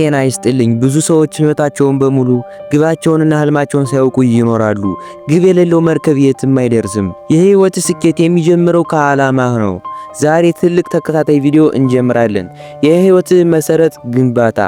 ጤና ይስጥልኝ። ብዙ ሰዎች ህይወታቸውን በሙሉ ግባቸውንና ህልማቸውን ሳያውቁ ይኖራሉ። ግብ የሌለው መርከብ የትም አይደርስም። የህይወት ስኬት የሚጀምረው ከዓላማህ ነው። ዛሬ ትልቅ ተከታታይ ቪዲዮ እንጀምራለን። የህይወት መሰረት ግንባታ።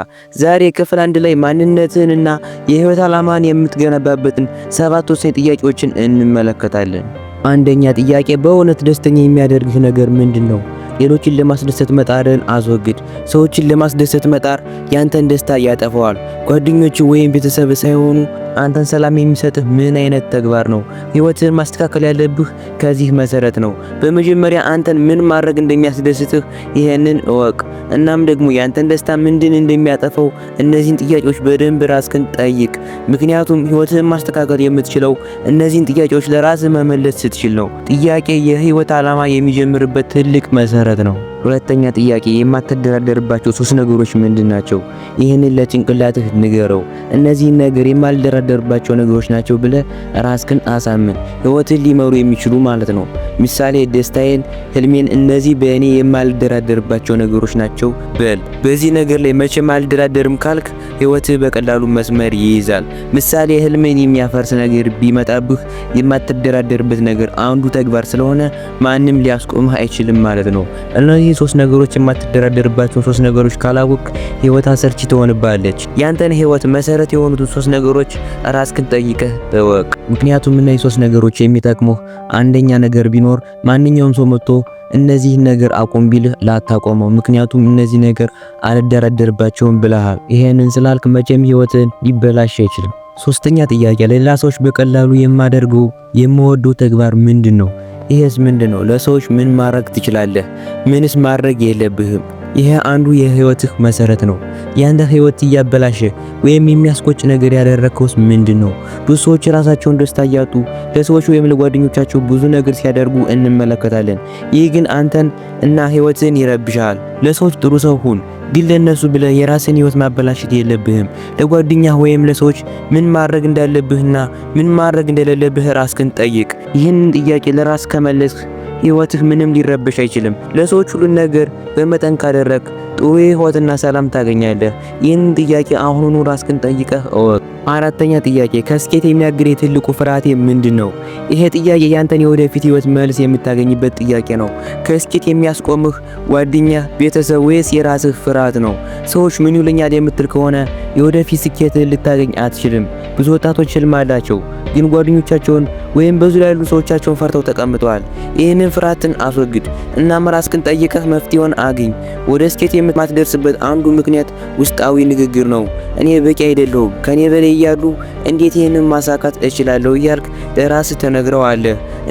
ዛሬ ክፍል አንድ ላይ ማንነትህንና የህይወት ዓላማን የምትገነባበትን ሰባት ወሳኝ ጥያቄዎችን እንመለከታለን። አንደኛ ጥያቄ፣ በእውነት ደስተኛ የሚያደርግህ ነገር ምንድን ነው? ሌሎችን ለማስደሰት መጣርን አስወግድ። ሰዎችን ለማስደሰት መጣር ያንተን ደስታ ያጠፈዋል። ጓደኞች ወይም ቤተሰብ ሳይሆኑ አንተን ሰላም የሚሰጥህ ምን አይነት ተግባር ነው? ህይወትህን ማስተካከል ያለብህ ከዚህ መሰረት ነው። በመጀመሪያ አንተን ምን ማድረግ እንደሚያስደስትህ ይህንን እወቅ። እናም ደግሞ ያንተን ደስታ ምንድን እንደሚያጠፈው እነዚህን ጥያቄዎች በደንብ ራስክን ጠይቅ። ምክንያቱም ህይወትህን ማስተካከል የምትችለው እነዚህን ጥያቄዎች ለራስህ መመለስ ስትችል ነው። ጥያቄ የህይወት ዓላማ የሚጀምርበት ትልቅ መሰረት ነው። ሁለተኛ ጥያቄ፣ የማትደራደርባቸው ሶስት ነገሮች ምንድን ናቸው? ይህንን ለጭንቅላትህ ንገረው። እነዚህን ነገር የማልደራደርባቸው ነገሮች ናቸው ብለህ ራስክን አሳምን። ህይወትን ሊመሩ የሚችሉ ማለት ነው። ምሳሌ፣ ደስታዬን፣ ህልሜን እነዚህ በእኔ የማልደራደርባቸው ነገሮች ናቸው በል። በዚህ ነገር ላይ መቼም አልደራደርም ካልክ ህይወትህ በቀላሉ መስመር ይይዛል። ምሳሌ፣ ህልሜን የሚያፈርስ ነገር ቢመጣብህ የማትደራደርበት ነገር አንዱ ተግባር ስለሆነ ማንም ሊያስቆምህ አይችልም ማለት ነው። እነዚህ ሶስት ነገሮች የማትደራደርባቸው ሶስት ነገሮች ካላወቅ ህይወት አሰርቺ ትሆንባለች። ያንተን ህይወት መሰረት የሆኑትን ሶስት ነገሮች ራስክን ጠይቀህ እወቅ። ምክንያቱም እነዚህ ሶስት ነገሮች የሚጠቅሙህ አንደኛ ነገር ቢኖር ቢኖር ማንኛውም ሰው መጥቶ እነዚህን ነገር አቁም ቢልህ ላታቆመው። ምክንያቱም እነዚህ ነገር አልደረደርባቸውም ብለሃል። ይሄንን ስላልክ መቼም ህይወትን ሊበላሽ አይችልም። ሶስተኛ ጥያቄ ለሌላ ሰዎች በቀላሉ የማደርገው የምወደው ተግባር ምንድን ነው? ይሄስ ምንድን ነው? ለሰዎች ምን ማድረግ ትችላለህ? ምንስ ማድረግ የለብህም? ይሄ አንዱ የህይወትህ መሰረት ነው። ያንተ ህይወት እያበላሸ ወይም የሚያስቆጭ ነገር ያደረከውስ ምንድን ነው? ብዙ ሰዎች ራሳቸውን ደስታ እያጡ ለሰዎች ወይም ለጓደኞቻቸው ብዙ ነገር ሲያደርጉ እንመለከታለን። ይህ ግን አንተን እና ህይወትን ይረብሻል። ለሰዎች ጥሩ ሰው ሁን፣ ግን ለነሱ ብለህ የራስን ህይወት ማበላሸት የለብህም። ለጓደኛህ ወይም ለሰዎች ምን ማድረግ እንዳለብህና ምን ማድረግ እንደሌለብህ ራስህን ጠይቅ። ይህንን ጥያቄ ለራስ ከመለስህ ህይወትህ ምንም ሊረብሽ አይችልም። ለሰዎች ሁሉን ነገር በመጠን ካደረግ ጥሩ ህይወትና ሰላም ታገኛለህ። ይህንን ጥያቄ አሁኑኑ ራስህን ጠይቀህ እወቅ። አራተኛ ጥያቄ ከስኬት የሚያግድ የትልቁ ፍርሃቴ ምንድን ነው? ይሄ ጥያቄ ያንተን የወደፊት ህይወት መልስ የምታገኝበት ጥያቄ ነው። ከስኬት የሚያስቆምህ ጓደኛ፣ ቤተሰብ ወይስ የራስህ ፍርሃት ነው? ሰዎች ምን ይሉኛል የምትል ከሆነ የወደፊት ስኬትህን ልታገኝ አትችልም። ብዙ ወጣቶች ህልም አላቸው፣ ግን ጓደኞቻቸውን ወይም በዙሪያ ያሉ ሰዎቻቸውን ፈርተው ተቀምጠዋል። ይህንን ፍርሃትን አስወግድ እናም ራስህን ጠይቀህ መፍትሄውን አግኝ። ወደ ስኬት የማትደርስበት አንዱ ምክንያት ውስጣዊ ንግግር ነው። እኔ በቂ አይደለሁም፣ ከኔ በላይ እያሉ እንዴት ይህንን ማሳካት እችላለሁ እያልክ ለራስ ተነግረዋል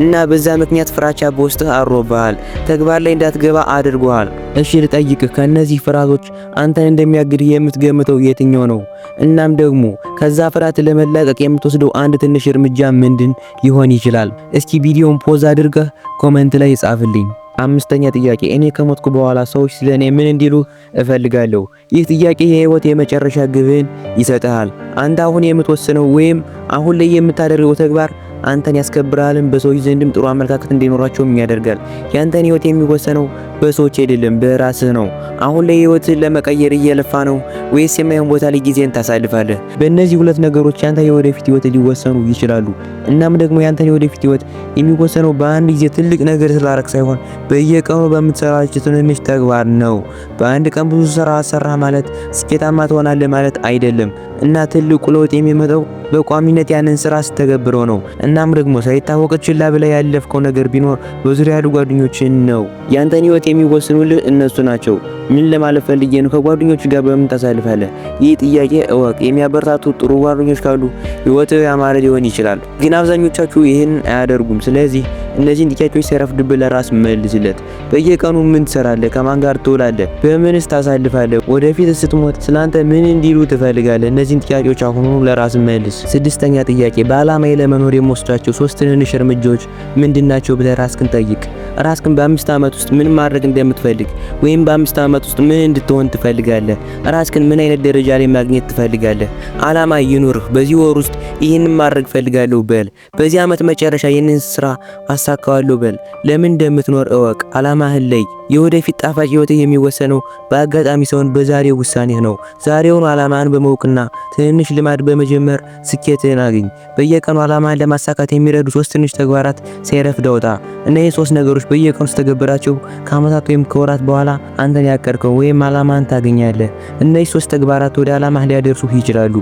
እና በዛ ምክንያት ፍራቻ በውስጥህ አድሮብሃል፣ ተግባር ላይ እንዳትገባ አድርጓል። እሺ ልጠይቅህ፣ ከእነዚህ ፍርሃቶች አንተን እንደሚያግድህ የምትገምተው የትኛው ነው? እናም ደግሞ ከዛ ፍርሃት ለመላቀቅ የምትወስደው አንድ ትንሽ እርምጃ ምንድን ሊሆን ይችላል? እስኪ ቪዲዮውን ፖዝ አድርገህ ኮመንት ላይ ጻፍልኝ። አምስተኛ ጥያቄ፣ እኔ ከሞትኩ በኋላ ሰዎች ስለ እኔ ምን እንዲሉ እፈልጋለሁ። ይህ ጥያቄ የህይወት የመጨረሻ ግብህን ይሰጥሃል። አንተ አሁን የምትወስነው ወይም አሁን ላይ የምታደርገው ተግባር አንተን ያስከብራልን በሰዎች ዘንድም ጥሩ አመለካከት እንዲኖራቸውም ያደርጋል። ያንተን ህይወት የሚወሰነው በሰዎች አይደለም በራስህ ነው። አሁን ላይ ህይወትህን ለመቀየር እየለፋ ነው ወይስ የማይሆን ቦታ ላይ ጊዜን ታሳልፋለህ? በእነዚህ ሁለት ነገሮች ያንተ የወደፊት ህይወት ሊወሰኑ ይችላሉ። እናም ደግሞ ያንተ የወደፊት ህይወት የሚወሰነው በአንድ ጊዜ ትልቅ ነገር ስላረክ ሳይሆን በየቀኑ በምትሰራቸው ትንንሽ ተግባር ነው። በአንድ ቀን ብዙ ስራ ሰራ ማለት ስኬታማ ትሆናለህ ማለት አይደለም እና ትልቁ ለውጥ የሚመጣው በቋሚነት ያንን ስራ ስተገብረው ነው። እናም ደግሞ ሳይታወቅ ችላ ብለህ ያለፍከው ነገር ቢኖር በዙሪያ ያሉ ጓደኞችን ነው። ያንተን ህይወት ማወቅ የሚወስኑልህ እነሱ ናቸው። ምን ለማለት ፈልጌ ነው? ከጓደኞቹ ጋር በምን ታሳልፋለህ? ይህ ጥያቄ እወቅ። የሚያበረታቱ ጥሩ ጓደኞች ካሉ ህይወትህ ያማረ ሊሆን ይችላል። ግን አብዛኞቻችሁ ይህን አያደርጉም። ስለዚህ እነዚህን ጥያቄዎች ሳይረፍድብህ ለራስ መልስለት። በየቀኑ ምን ትሰራለህ? ከማን ጋር ትውላለህ? በምንስ ታሳልፋለህ? ወደፊት ስትሞት ስላንተ ምን እንዲሉ ትፈልጋለህ? እነዚህን ጥያቄዎች አሁኑ ለራስ መልስ። ስድስተኛ ጥያቄ በአላማዬ ለመኖር የምወስዳቸው ሶስት ትንንሽ እርምጃዎች ምንድናቸው ብለህ ራስህን ጠይቅ። ራስክን በአምስት ዓመት ውስጥ ምን ማድረግ እንደምትፈልግ ወይም በአምስት ዓመት ውስጥ ምን እንድትሆን ትፈልጋለህ? ራስክን ምን አይነት ደረጃ ላይ ማግኘት ትፈልጋለህ? አላማ ይኑርህ። በዚህ ወር ውስጥ ይህን ማድረግ ፈልጋለሁ በል። በዚህ ዓመት መጨረሻ ይህንን ስራ አሳካዋለሁ በል። ለምን እንደምትኖር እወቅ። አላማህን ለይ። የወደፊት ጣፋጭ ህይወትህ የሚወሰነው በአጋጣሚ ሳይሆን በዛሬው ውሳኔህ ነው። ዛሬውን አላማህን በመውቅና ትንሽ ልማድ በመጀመር ስኬትህን አግኝ። በየቀኑ አላማህን ለማሳካት የሚረዱ ሶስት ትንሽ ተግባራት ሳይረፍድ አውጣ። እነዚህ ሶስት ነገሮች ነገሮች በየቀኑ ስትተገብራቸው ከአመታት ወይም ከወራት በኋላ አንተን ያቀድከው ወይም አላማን ታገኛለህ። እነዚህ ሶስት ተግባራት ወደ አላማህ ሊያደርሱ ይችላሉ።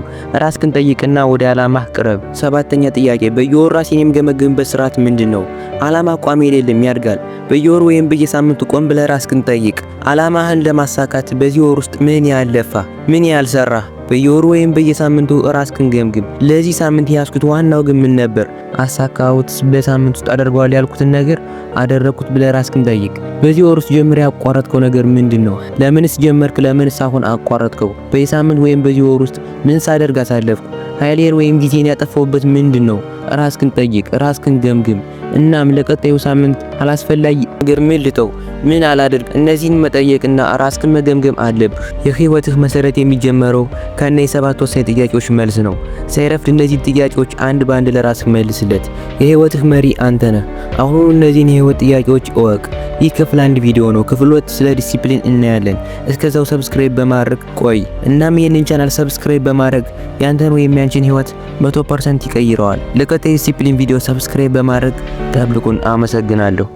ራስህን ጠይቅና ወደ አላማህ ቅረብ። ሰባተኛ ጥያቄ በየወሩ ራሴን የምገመግምበት ስርዓት ምንድን ነው? አላማ ቋሚ አይደለም፣ ያድጋል። በየወሩ ወይም በየሳምንቱ ቆም ብለህ ራስህን ጠይቅ። አላማህን ለማሳካት በዚህ ወር ውስጥ ምን ያህል ለፋህ? ምን ያህል ሰራህ? በየወሩ ወይም በየሳምንቱ ራስክን ገምግም። ለዚህ ሳምንት ያስኩት ዋናው ግን ምን ነበር? አሳካሁት? በሳምንት ውስጥ አደርገዋል ያልኩትን ነገር አደረኩት ብለህ ራስክን ጠይቅ። በዚህ ወር ውስጥ ጀምረህ ያቋረጥከው ነገር ምንድን ነው? ለምንስ ጀመርክ? ለምንስ አሁን አቋረጥከው? በየሳምንት ወይም በዚህ ወር ውስጥ ምን ሳደርግ አሳለፍኩ? ኃይሌን ወይም ጊዜን ያጠፋሁበት ምንድን ነው? ራስክን ጠይቅ፣ ራስክን ገምግም። እናም ለቀጣዩ ሳምንት አላስፈላጊ ነገር ምን ልተው፣ ምን አላደርግ፣ እነዚህን መጠየቅና ራስክን መገምገም አለብህ። የህይወትህ መሰረት የሚጀመረው ከነ የሰባት ወሳኝ ጥያቄዎች መልስ ነው። ሳይረፍድ እነዚህን ጥያቄዎች አንድ በአንድ ለራስህ መልስለት። የህይወትህ መሪ አንተ ነህ። አሁኑ እነዚህን የህይወት ጥያቄዎች እወቅ። ይህ ክፍል አንድ ቪዲዮ ነው። ክፍል ሁለት ስለ ዲሲፕሊን እናያለን። እስከዛው ሰብስክራይብ በማድረግ ቆይ። እናም ይህንን ቻናል ሰብስክራይብ በማድረግ ያንተን ወይም ያንችን ህይወት 100% ይቀይረዋል። ለቀጣይ ዲሲፕሊን ቪዲዮ ሰብስክራይብ በማድረግ ተብልቁን አመሰግናለሁ።